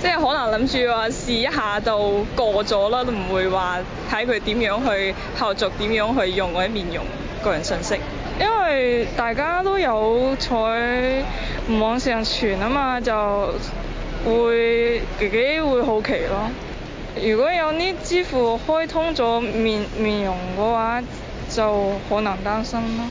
即係可能諗住話試一下就過咗啦，都唔會話睇佢點樣去後續點樣去用嗰啲面容個人信息。因為大家都有彩唔網上傳啊嘛，就會自己會好奇咯。如果有啲支付開通咗面面容嘅話，就可能擔心咯。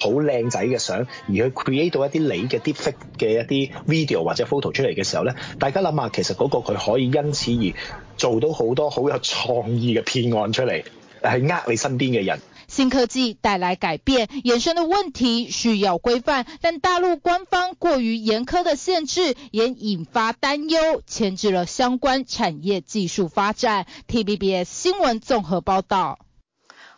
好靚仔嘅相，而去 create 到一啲你嘅 deepfake 嘅一啲 video 或者 photo 出嚟嘅時候呢，大家諗下，其實嗰個佢可以因此而做到好多好有創意嘅騙案出嚟，係呃你身邊嘅人。新科技帶來改變，衍生嘅問題需要規範，但大陸官方過於嚴苛的限制也引發擔憂，牽制了相關產業技術發展。TVBS 新聞綜合報導。